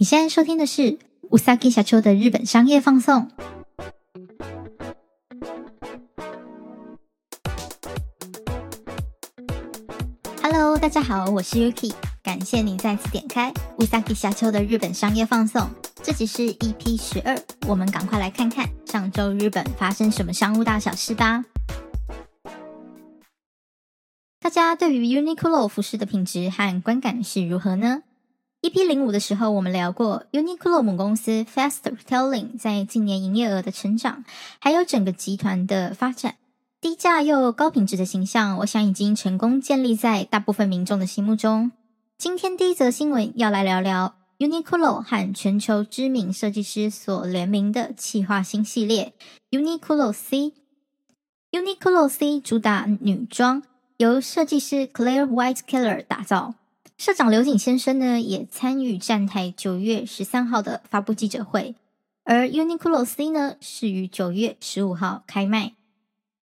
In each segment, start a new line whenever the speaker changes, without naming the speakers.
你現在收聽的是《うさぎ社長的日本商業放送。Hello，大家好，我是 Yuki，感謝你再次點開《うさぎ社長的日本商業放送。這集是 EP 十二，我們趕快來看看上周日本發生什麼商務大小事吧。大家對於 Uniqlo 服飾的品質和觀感是如何呢？E.P. 零五的時候，我們聊過 Uniqlo 母公司 Fast Retailing 在近年營業額的成長，還有整個集團的發展。低價又高品質的形象，我想已經成功建立在大部分民眾的心目中。今天第一則新聞要來聊聊 Uniqlo 和全球知名設計師所聯名的企劃新系列 Uniqlo C。Uniqlo C 主打女裝，由設計師 Claire White Keller 打造。社長柳井先生呢，也參與站台九月十三號的發布記者會。而 Uniqlo C 呢，是於九月十五號開賣。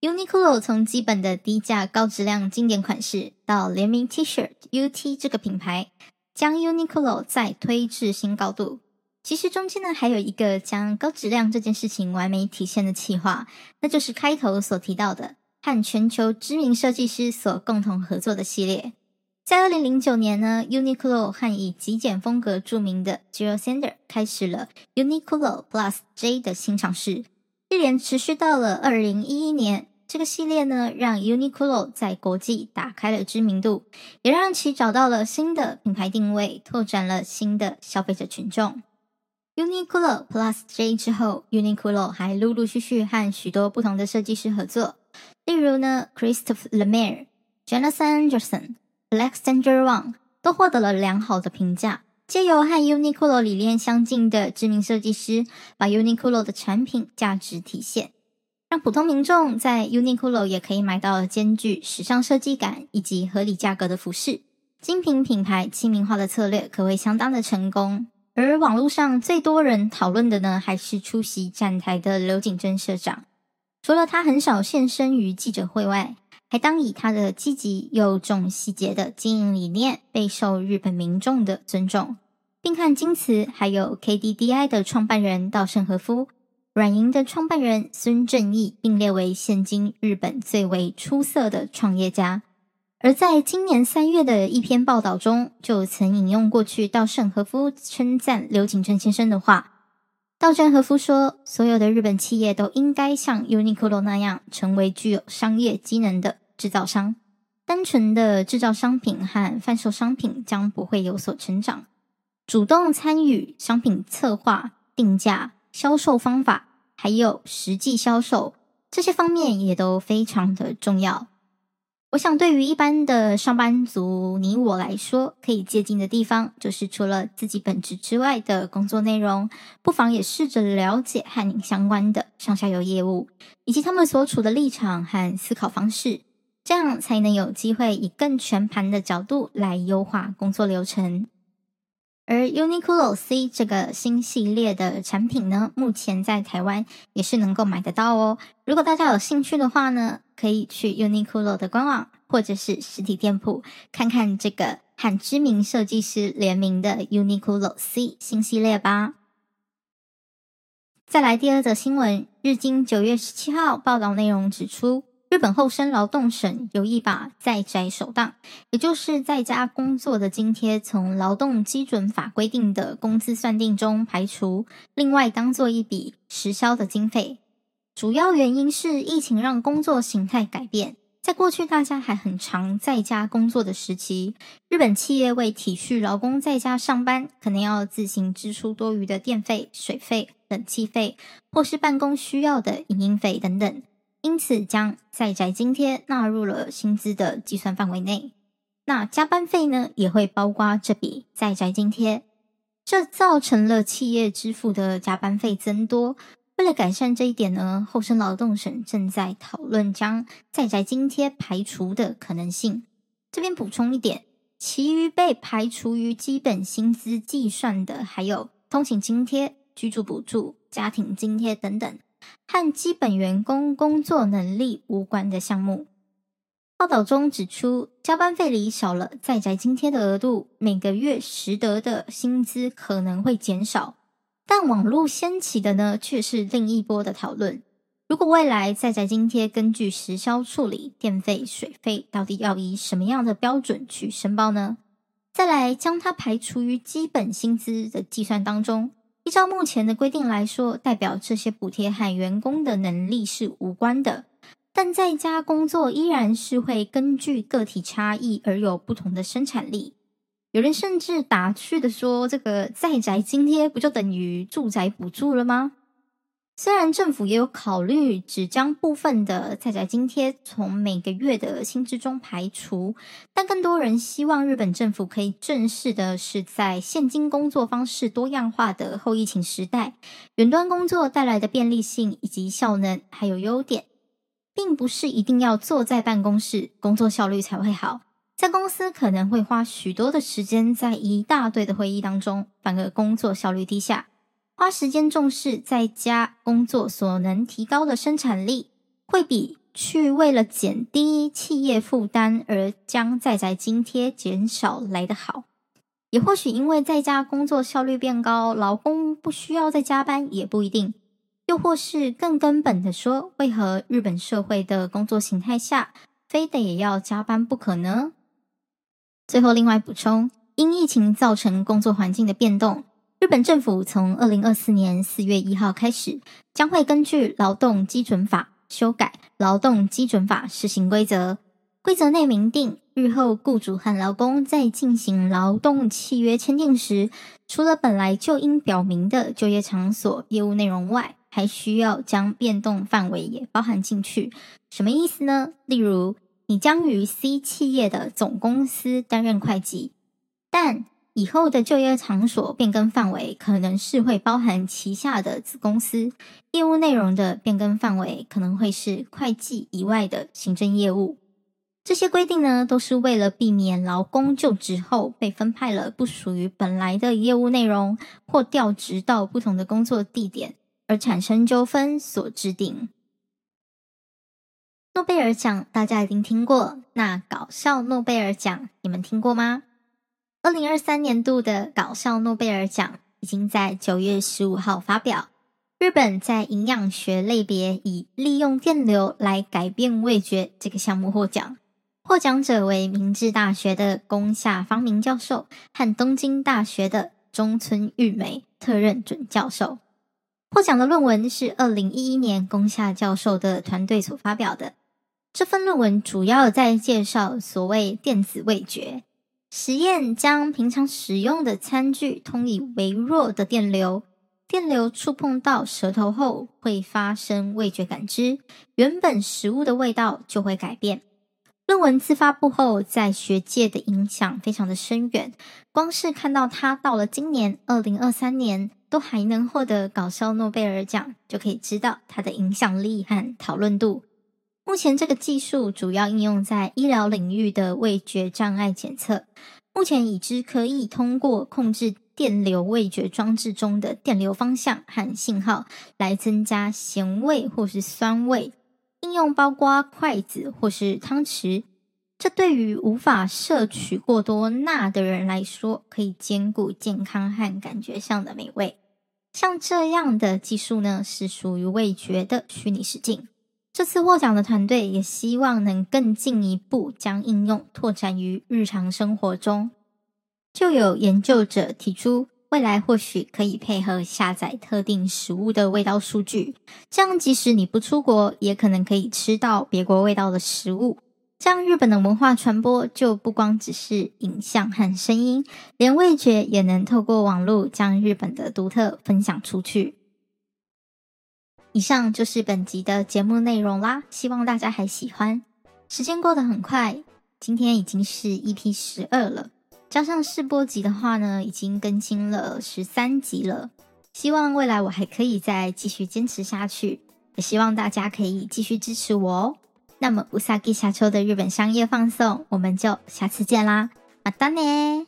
Uniqlo 從基本的低價高質量經典款式，到聯名 T-shirt UT 這個品牌，將 Uniqlo 再推至新高度。其實中間呢，還有一個將高質量這件事情完美體現的企劃，那就是開頭所提到的和全球知名設計師所共同合作的系列。在二零零九年呢，Uniqlo 和以極簡風格著名的 Jil Sander 開始了 Uniqlo Plus J 的新嘗試，一連持續到了二零一一年。這個系列呢，讓 Uniqlo 在國際打開了知名度，也讓其找到了新的品牌定位，拓展了新的消費者群眾。Uniqlo Plus J 之後，Uniqlo 還陸陸續續和許多不同的設計師合作，例如呢，Christophe Lemaire、Jonathan Anderson。Alexander Wang 都獲得了良好的評價，借由和 Uniqlo 理念相近的知名設計師，把 Uniqlo 的產品價值體現，讓普通民眾在 Uniqlo 也可以買到兼具時尚設計感以及合理價格的服飾。精品品牌親民化的策略可謂相當的成功。而網絡上最多人討論的呢，還是出席展台的柳井正社長，除了他很少現身於記者會外。還當以他的積極又重細節的經營理念備受日本民眾的尊重，並和京瓷還有 KDDI 的創辦人稻盛和夫、軟銀的創辦人孫正義並列為現今日本最為出色的創業家。而在今年三月的一篇報道中，就曾引用過去稻盛和夫稱讚柳井正先生的話。稻盛和夫說：“所有的日本企業都應該像 UNIQLO 那樣，成為具有商業機能的製造商。單純的製造商品和販售商品將不會有所成長。主動參與商品策劃、定價、銷售方法，還有實際銷售這些方面，也都非常的重要。”我想，對於一般的上班族你我來說，可以借鑑的地方就是除了自己本職之外的工作內容，不妨也試着了解和你相關的上下游業務，以及他們所處的立場和思考方式，這樣才能有機會以更全盤的角度來優化工作流程。而 UNIQLO C 這個新系列的產品呢，目前在台灣也是能夠買得到哦。如果大家有興趣的話呢，可以去 UNIQLO 的官網或者是實體店鋪看看這個和知名設計師聯名的 UNIQLO C 新系列吧。再來第二則新聞，《日經》九月十七號報道內容指出。日本厚生勞動省有意把在宅手當，也就是在家工作的津貼從勞動基準法規定的工資算定中排除，另外當做一筆實銷的經費。主要原因是疫情讓工作形態改變，在過去大家還很常在家工作的時期，日本企業為體恤勞工在家上班，可能要自行支出多餘的電費、水費、冷氣費，或是辦公需要的營運費等等。因此，將在宅津貼納入了薪資的計算範圍內。那加班費呢，也會包括這筆在宅津貼，這造成了企業支付的加班費增多。為了改善這一點呢，厚生勞動省正在討論將在宅津貼排除的可能性。這邊補充一點，其餘被排除於基本薪資計算的，還有通勤津貼、居住補助、家庭津貼等等。和基本員工工作能力無關的項目。報道中指出，加班費裡少了在宅津貼的額度，每個月實得的薪資可能會減少。但網絡掀起的呢，卻是另一波的討論。如果未來在宅津貼根據實銷處理，電費、水費到底要以什麼樣的標準去申報呢？再來將它排除於基本薪資的計算當中。依照目前的規定來說，代表這些補貼和員工的能力是無關的，但在家工作依然是會根據個體差異而有不同的生產力。有人甚至打趣的說：“這個在宅津貼不就等於住宅補助了嗎？”雖然政府也有考慮只將部分的在宅津貼從每個月的薪資中排除，但更多人希望日本政府可以正視的是，在現今工作方式多樣化的後疫情時代，遠端工作帶來的便利性以及效能還有優點，並不是一定要坐在辦公室工作效率才會好。在公司可能會花許多的時間在一大堆的會議當中，反而工作效率低下。花時間重視在家工作所能提高的生產力，會比去為了減低企業負擔而將在宅津貼減少來得好。也或許因為在家工作效率變高，勞工不需要再加班也不一定。又或是更根本的說，為何日本社會的工作形態下，非得也要加班不可呢？最後另外補充，因疫情造成工作環境的變動。日本政府從二零二四年四月一號開始，將會根據《勞動基準法》修改《勞動基準法施行規則》，規則內明定，日後雇主和勞工在進行勞動契約簽訂時，除了本來就應表明的就業場所、業務內容外，還需要將變動範圍也包含進去。什麼意思呢？例如，你將與 C 企業的總公司擔任會計，但以後的就業場所變更範圍可能是會包含旗下的子公司，業務內容的變更範圍可能會是會計以外的行政業務。這些規定呢，都是為了避免勞工就職後被分派了不屬於本來的業務內容，或調職到不同的工作地點而產生糾紛所制定。諾貝爾獎大家已經聽過，那搞笑諾貝爾獎你們聽過嗎？二零二三年度的搞笑諾貝爾獎已經在九月十五號發表。日本在營養學類別以利用電流來改變味覺這個項目獲獎，獲獎者為明治大學的宮下芳明教授和東京大學的中村裕美特任准教授。獲獎的論文是二零一一年宮下教授的團隊所發表的。這份論文主要在介紹所謂電子味覺。實驗將平常使用的餐具通以微弱的電流，電流觸碰到舌頭後會發生味覺感知，原本食物的味道就會改變。論文自發布後，在學界的影響非常的深遠，光是看到它到了今年二零二三年都還能獲得搞笑諾貝爾獎，就可以知道它的影響力和討論度。目前，這個技術主要應用在醫療領域的味覺障礙檢測。目前已知，可以通過控制電流味覺裝置中的電流方向和信號，來增加鹹味或是酸味。應用包括筷子或是湯匙。這對於無法攝取過多鈉的人來說，可以兼顧健康和感覺上的美味。像這樣的技術呢，是屬於味覺的虛擬實境。這次獲獎的團隊也希望能更進一步將應用拓展於日常生活中。就有研究者提出，未來或許可以配合下載特定食物的味道數據，這樣即使你不出國，也可能可以吃到別國味道的食物。這樣日本的文化傳播就不光只是影像和聲音，連味覺也能透過網絡將日本的獨特分享出去。以上就是本集的節目內容啦，希望大家還喜歡。時間過得很快，今天已經是 EP 十二了，加上試播集的話呢，已經更新了十三集了。希望未來我還可以再繼續堅持下去，也希望大家可以繼續支持我哦。那麼，うさぎ社長的日本商業放送，我們就下次見啦，またね。